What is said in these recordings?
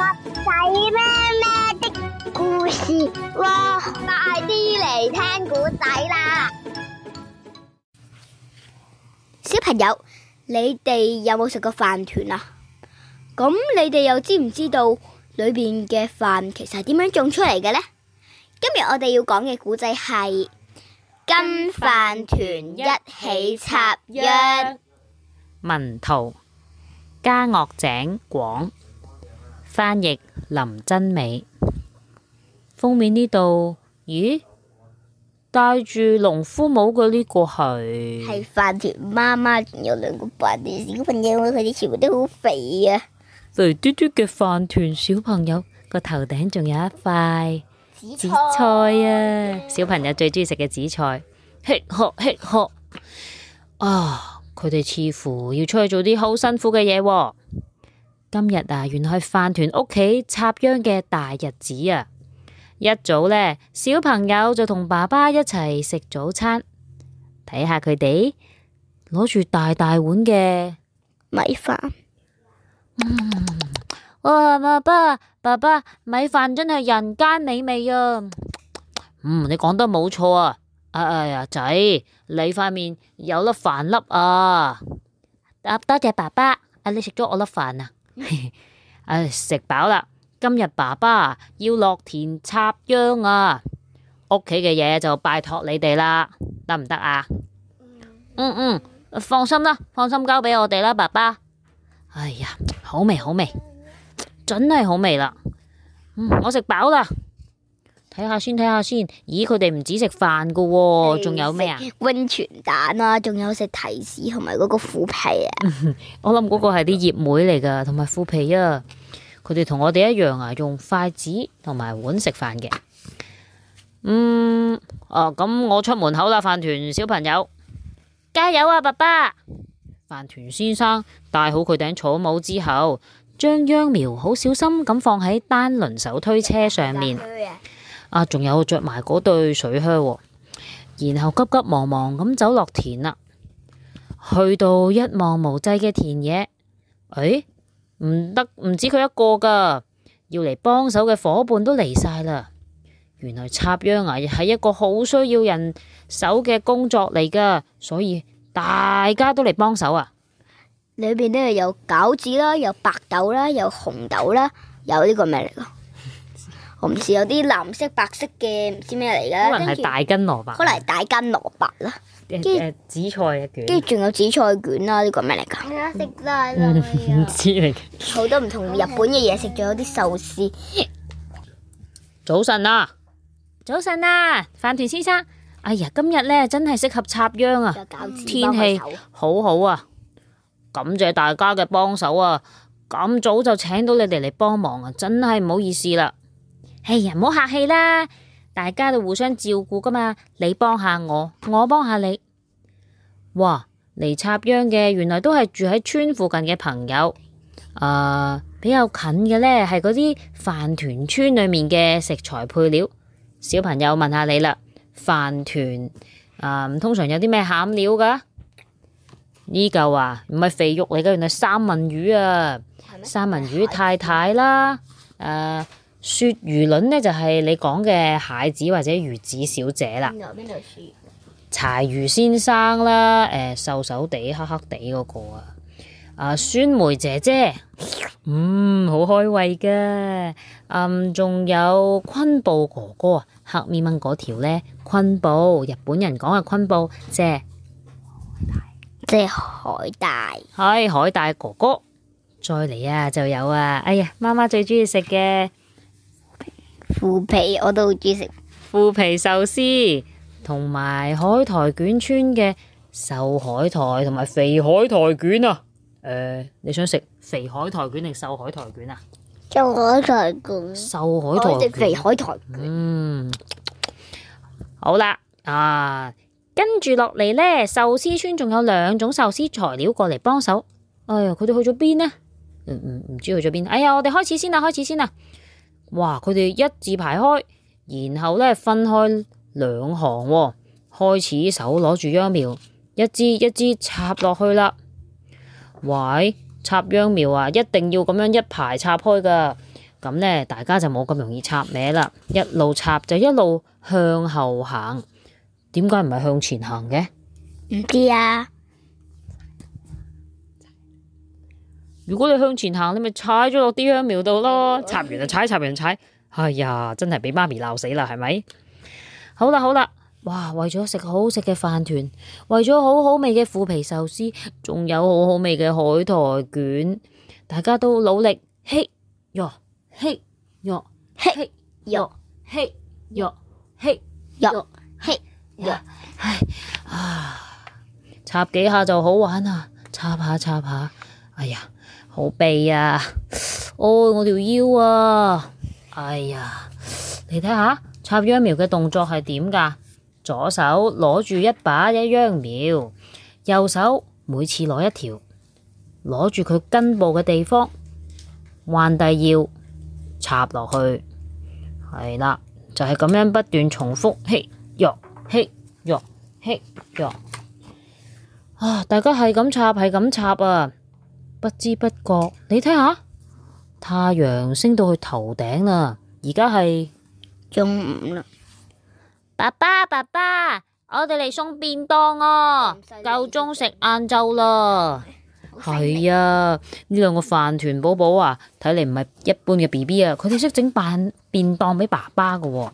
仔咩咩的故事喎，快啲嚟聽古仔啦！小朋友，你哋有冇食過飯糰啊？咁你哋又知唔知道裏邊嘅飯其實係點樣種出嚟嘅呢？今日我哋要講嘅古仔係跟飯糰一起插秧，文圖：加岳井廣。翻譯林真美。封面呢度，咦？帶住農夫帽嘅呢、這個係係飯團媽媽，仲有兩個、啊、嘀嘀飯團小朋友，佢哋全部都好肥啊！肥嘟嘟嘅飯團小朋友個頭頂仲有一塊紫菜，紫菜啊！小朋友最中意食嘅紫菜，吃喝吃喝啊！佢哋似乎要出去做啲好辛苦嘅嘢。今日啊，原來係飯糰屋企插秧嘅大日子啊！一早呢，小朋友就同爸爸一齊食早餐，睇下佢哋攞住大大碗嘅米飯。嗯，哇，爸爸，爸爸，米飯真係人間美味啊！嗯，你講得冇錯啊！哎呀仔，你塊面有粒飯粒，粒，粒啊！多謝爸爸，啊，你食咗我粒飯啊！唉，食飽啦！今日爸爸要落田插秧啊，屋企嘅嘢就拜託你哋啦，得唔得啊？嗯嗯，放心啦，放心交俾我哋啦，爸爸。哎呀，好味好味，真係好味啦！嗯，我食飽啦。睇下先，睇下先。咦，佢哋唔止食飯噶，仲有咩啊？溫泉蛋啊，仲有食提子同埋嗰個，腐皮， 個腐皮啊。我諗嗰個係啲葉妹嚟噶，同埋腐皮啊。佢哋同我哋一樣啊，用筷子同埋碗食飯嘅。嗯，哦、啊，咁我出門口啦，飯團小朋友，加油啊，爸爸！飯團先生戴好佢頂草帽之後，將秧苗好小心咁放喺單輪手推車上面。啊，仲有着埋嗰對水靴，哦，然後急急忙忙咁走落田啦。去到一望無際嘅田野，唉，哎，唔得，唔止佢一個噶，要嚟幫手嘅伙伴都嚟晒啦。原來插秧啊，亦係一個好需要人手嘅工作嚟噶，所以大家都嚟幫手啊。裏邊咧有餃子啦，有白豆啦，有紅豆啦，有呢個咩嚟噶？好似有啲藍色白色嘅唔知咩嚟噶，可能係大根蘿蔔，可能係大根蘿蔔啦。跟住紫菜卷，跟住仲有紫菜卷啦。呢個咩嚟噶？食大蘿蔔啊！唔知嚟。好多唔同日本嘅嘢食，仲有啲壽司。早晨啦！早晨啦，飯糰先生。哎呀，今日咧真係適合插秧啊！天氣好好啊，感謝大家嘅幫手啊！咁早就請到你哋嚟幫忙啊，真係唔好意思啦。哎呀，唔好、hey, 客氣啦，大家都互相照顧噶嘛。你幫下我，我幫下你。哇，嚟插秧嘅原來都係住喺村附近嘅朋友。誒、啊，比較近嘅呢係嗰啲飯糰村裏面嘅食材配料。小朋友問下你啦，飯糰誒，通常有啲咩餡料噶？呢嚿啊，唔係肥肉嚟嘅，原來係三文魚啊，嗎三文魚太太啦，誒、啊。啊雪魚卵呢，就係你講嘅蟹子或者魚子小姐啦。柴魚先生啦？誒、呃，瘦瘦地黑黑地嗰個啊！啊，酸梅姐姐，嗯，好開胃嘅。嗯，仲有昆布哥哥啊，黑咪咪嗰條呢。昆布，日本人講嘅昆布，即係即係海帶，係海帶哥哥。再嚟啊，就有啊，哎呀，媽媽最中意食嘅。腐皮我都好中意食，腐皮壽司同埋海苔卷村嘅瘦海苔同埋肥海苔卷啊！誒、呃，你想食肥海苔卷定瘦海苔卷啊？瘦海，瘦海苔卷，瘦海苔卷，肥海苔卷。嗯，好啦，啊，跟住落嚟呢，壽司村仲有兩種壽司材料過嚟幫手。哎呀，佢哋去咗邊呢？唔唔唔知去咗邊。哎呀，我哋開始先啦，開始先啦。哇！佢哋一字排開，然後呢，分開兩行，哦，開始手攞住秧苗，一支一支插落去啦。喂，插秧苗啊，一定要咁樣一排插開噶。咁呢，大家就冇咁容易插歪啦。一路插就一路向後行，點解唔係向前行嘅？唔知啊。如果你向前行，你咪踩咗落啲香苗度咯。插完就踩，插完就踩。哎呀，真係畀媽咪鬧死啦，係咪？好啦，好啦，哇！為咗食好食嘅飯團，為咗好好味嘅腐皮壽司，仲有好好味嘅海苔卷，大家都努力。嘿喲，嘿喲，嘿喲，嘿喲，嘿喲，嘿喲。唉啊！插幾下就好玩啊！插下插下，哎呀！好痹啊！哦，我條腰啊！哎呀，你睇下插秧苗嘅動作係點噶？左手攞住一把一秧苗，右手每次攞一條，攞住佢根部嘅地方，彎低腰插落去，係啦，就係咁樣不斷重複，嘿，呦，嘿，呦，嘿，呦。啊！大家係咁插，係咁插啊！不知不覺，你睇下太陽升到去頭頂啦，而家係中午啦。爸爸，爸爸，我哋嚟送便當啊！夠鐘食晏晝啦。係啊，呢 兩個飯糰寶寶啊，睇嚟唔係一般嘅 BB 啊，佢哋識整扮便當俾爸爸噶喎。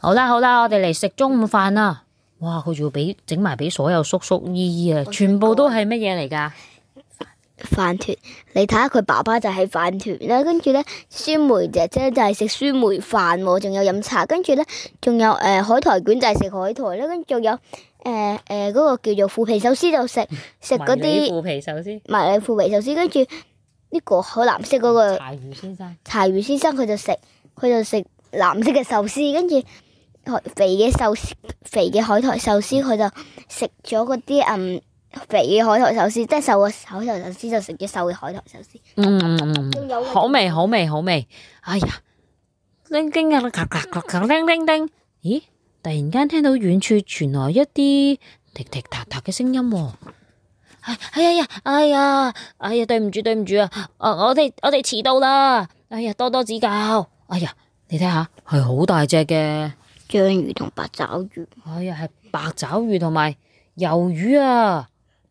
好啦好啦，我哋嚟食中午飯啦。哇，佢仲要俾整埋俾所有叔叔姨姨啊，全部都係乜嘢嚟噶？飯糰，你睇下佢爸爸就係飯糰啦，跟住呢，酸梅姐姐就係食酸梅飯喎，仲有飲茶，跟住呢，仲有誒，海苔卷就係食海苔啦，跟住仲有誒誒嗰個叫做腐皮壽司就食食嗰啲腐皮壽司，唔係，迷你腐皮壽司，司，跟住呢個好藍色嗰個柴魚先生，柴魚先生佢就食佢就食藍色嘅壽司，跟住肥嘅壽肥嘅海苔壽司，佢就食咗嗰啲嗯。肥嘅海苔壽司，即係瘦嘅海苔壽司就食啲瘦嘅海苔壽司。嗯，好味，好味，好味。哎呀，叮叮啊，叮叮叮。咦，突然間聽到遠處傳來一啲滴滴嗒嗒嘅聲音。哎呀呀，哎呀，哎呀，對唔住對唔住啊！我哋我哋遲到啦。哎呀，多多指教。哎呀，你睇下係好大隻嘅章魚同八爪魚。哎呀，係八爪魚同埋魷魚啊！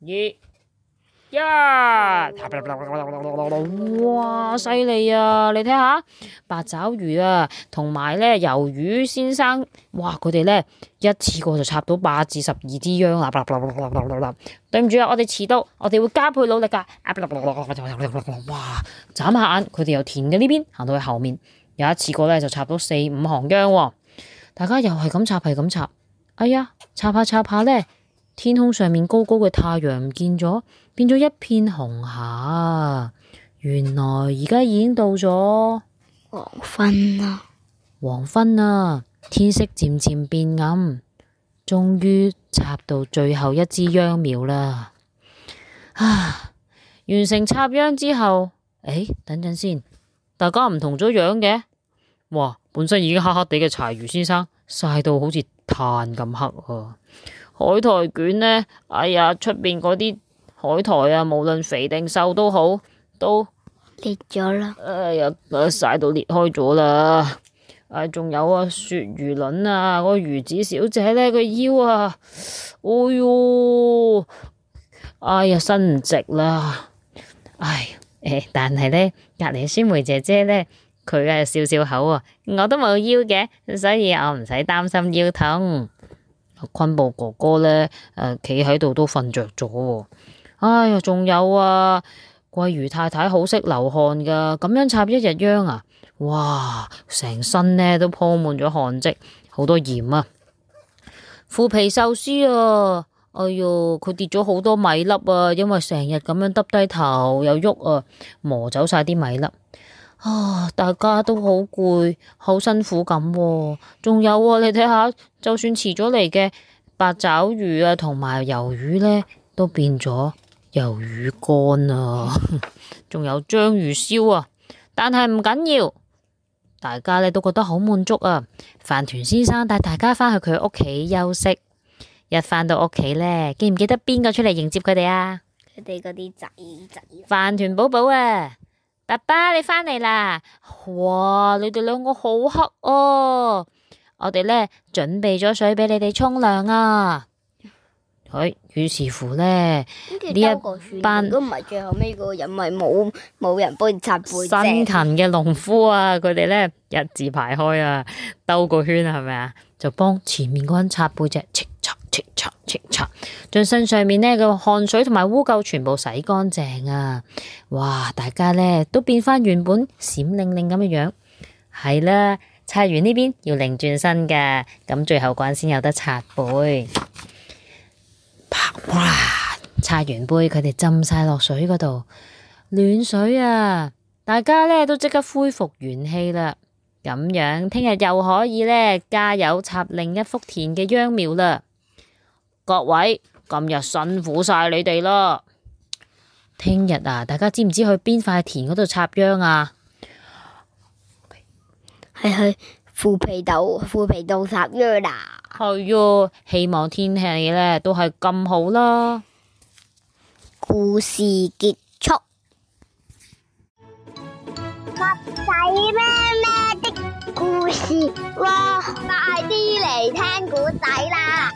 二一 哇，犀利啊！你睇下，八爪魚啊，同埋咧魷魚先生，哇，佢哋咧一次過就插到八至十二支秧啦！ 對唔住啊，我哋遲到，我哋會加倍努力噶！ 哇，眨下眼，佢哋又填緊呢邊，行到去後面，有一次過咧就插到四五行秧喎，大家又係咁插，係咁插，哎呀，插下插下咧～天空上面高高嘅太陽唔見咗，變咗一片紅霞。原來而家已經到咗黃昏啦。黃昏啦，天色漸漸變暗，終於插到最後一支秧苗啦。啊！完成插秧之後，誒、哎，等陣先，大家唔同咗樣嘅。哇，本身已經黑黑地嘅柴魚先生，曬到好似炭咁黑啊！海苔卷呢，哎呀，出邊嗰啲海苔啊，無論肥定瘦都好，都裂咗了啦。哎，哎呀，曬到裂開咗啦。啊，仲有啊，雪魚卵啊，個魚子小姐咧，個腰啊，哎喲，哎呀，伸唔直啦。唉，哎，但係咧，隔籬酸梅姐姐咧，佢啊笑笑口喎，我都冇腰嘅，所以我唔使擔心腰痛。昆布哥哥咧，誒、呃，企喺度都瞓着咗。哎呀，仲有啊，鮭魚太太好識流汗噶，咁樣插一日秧啊，哇，成身咧都鋪滿咗汗跡，好多鹽啊。腐皮壽司啊，哎喲，佢跌咗好多米粒啊，因為成日咁樣耷低頭又喐啊，磨走晒啲米粒。啊！大家都好攰，好辛苦咁、啊。仲有啊，你睇下，就算遲咗嚟嘅八爪魚啊，同埋魷魚呢，都變咗魷魚乾啊。仲 有章魚燒啊，但係唔緊要，大家咧都覺得好滿足啊。飯糰先生帶大家返去佢屋企休息。一返到屋企呢，記唔記得邊個出嚟迎接佢哋啊？佢哋嗰啲仔仔，飯糰寶寶啊！爸爸你返嚟啦，哇，你哋兩個好黑哦，我哋咧準備咗水俾你哋沖涼啊。唉、哎，於是乎咧呢一,一班如果唔係最後尾嗰個人，咪冇冇人幫你擦背。辛勤嘅農夫啊，佢哋咧一字排開啊，兜個圈係咪啊，就幫前面嗰人擦背脊。擦將身上面咧個汗水同埋污垢全部洗乾淨啊！哇，大家咧都變翻原本閃靈靈咁嘅樣，係啦，擦完呢邊要擰轉身噶，咁最後關先有得擦背。啪！哇，擦完背，佢哋浸晒落水嗰度暖水啊！大家咧都即刻恢復元氣啦，咁樣聽日又可以咧加油插另一幅田嘅秧苗啦。各位，今日辛苦晒你哋啦！聽日啊，大家知唔知去邊塊田嗰度插秧啊？係去腐皮豆，腐皮豆插秧啦！啊！係呀，啊，希望天氣呢都係咁好啦。故事結束。襪仔咩咩的故事，哇！快啲嚟聽故仔啦！